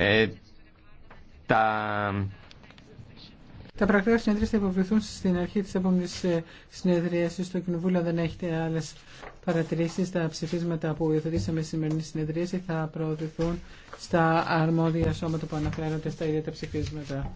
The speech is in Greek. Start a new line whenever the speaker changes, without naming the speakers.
Ε, τα...
Τα πρακτικά συνεδρίες θα υποβληθούν στην αρχή τη επόμενη ε, συνεδρίαση στο Κοινοβούλιο. Δεν έχετε άλλες παρατηρήσεις. Τα ψηφίσματα που υιοθετήσαμε στη σημερινή συνεδρίαση θα προωθηθούν στα αρμόδια σώματα που αναφέρονται στα ίδια τα ψηφίσματα.